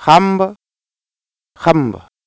Hamba, Hamba.